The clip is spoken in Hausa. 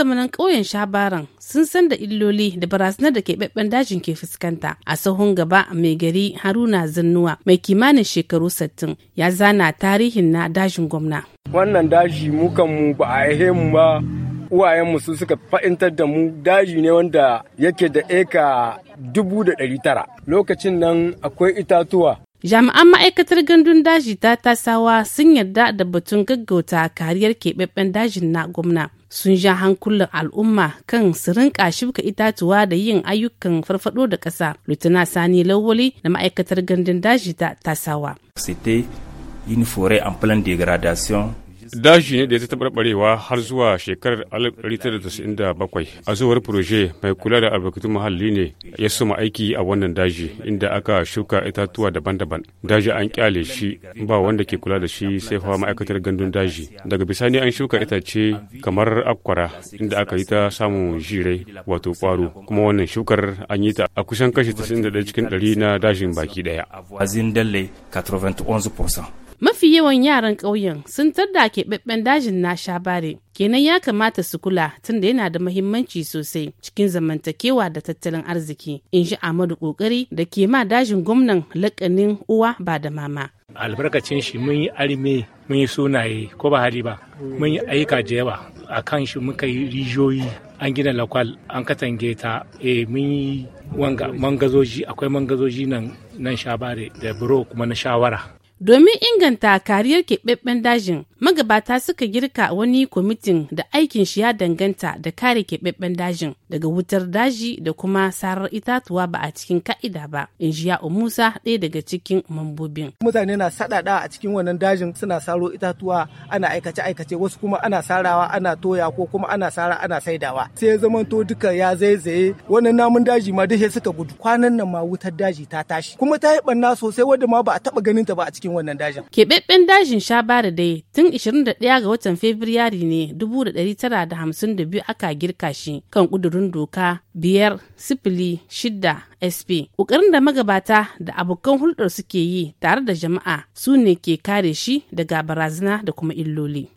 zamanin ƙauyen shabaran sun san da illoli da barazanar da keɓaɓɓen dajin ke fuskanta a sahun gaba mai gari haruna zannuwa mai kimanin shekaru 60 ya zana tarihin na dajin gwamna wannan daji mukanmu ba a ihe mu ba uwayenmu su suka fa'intar da mu daji ne wanda yake da eka dubu da ɗari tara lokacin nan akwai itatuwa Jami'an ma'aikatar gandun daji ta tasawa sun yarda da batun gaggauta kariyar keɓaɓɓen dajin na gwamna. Sun ja hankulan al'umma kan su rinka shibka itatuwa da yin ayyukan farfado da ƙasa. Lutuna Sani Lawali da ma'aikatar gandun daji ta tasawa. C'était une forêt en pleine dégradation. Dashi ne da ya taɓarɓarewa har zuwa shekarar 1997 a zuwar proje mai kula da albarkatun muhalli ne ya suma aiki a wannan daji inda aka shuka itatuwa daban-daban. Daji an kyale shi ba wanda ke kula da shi sai fa ma'aikatar gandun daji. Daga bisani an shuka itace kamar akwara inda aka yi ta samun jirai wato kwaro kuma wannan shukar an yi ta a kusan kashi 91 cikin 100 na dajin baki daya. mafi yawan yaran ƙauyen sun tarda keɓaɓɓen dajin na shabare kenan ya kamata su kula tunda yana da mahimmanci sosai cikin zamantakewa da tattalin arziki in ji amadu kokari da ke ma dajin gwamnan lakanin uwa ba da mama albarkacin shi mun yi arme mun yi sunaye ko ba hali ba mun yi ayyuka da yawa a kan shi muka yi rijiyoyi an gina lakwal an katange ta e mun yi wanga mangazoji akwai mangazoji nan nan shabare da buro kuma na shawara Domin inganta kariyar keɓaɓɓen dajin, magabata suka girka wani kwamitin da aikin shi ya danganta da kare keɓaɓɓen dajin daga wutar daji da kuma sarar itatuwa ba a cikin ka'ida ba, in ji Musa ɗaya daga cikin mambobin. Mutane na saɗaɗa a cikin wannan dajin suna saro itatuwa ana aikace-aikace wasu kuma ana sarawa ana toya ko kuma ana sara ana saidawa. Sai zamanto duka ya zaizaye wannan namun daji ma duk suka gudu. Kwanan nan ma wutar daji ta tashi. Kuma ta yi ɓanna sosai wadda ma ba a taɓa ganin ta ba a cikin cikin wannan dajin. sha dajin Shabara dai tun 21 ga watan Fabrairu ne 1952 aka girka shi kan ƙudurin doka biyar sifili shida SP. Ƙoƙarin da magabata da abokan hulɗar suke yi tare da jama'a su ne ke kare shi daga barazana da kuma illoli.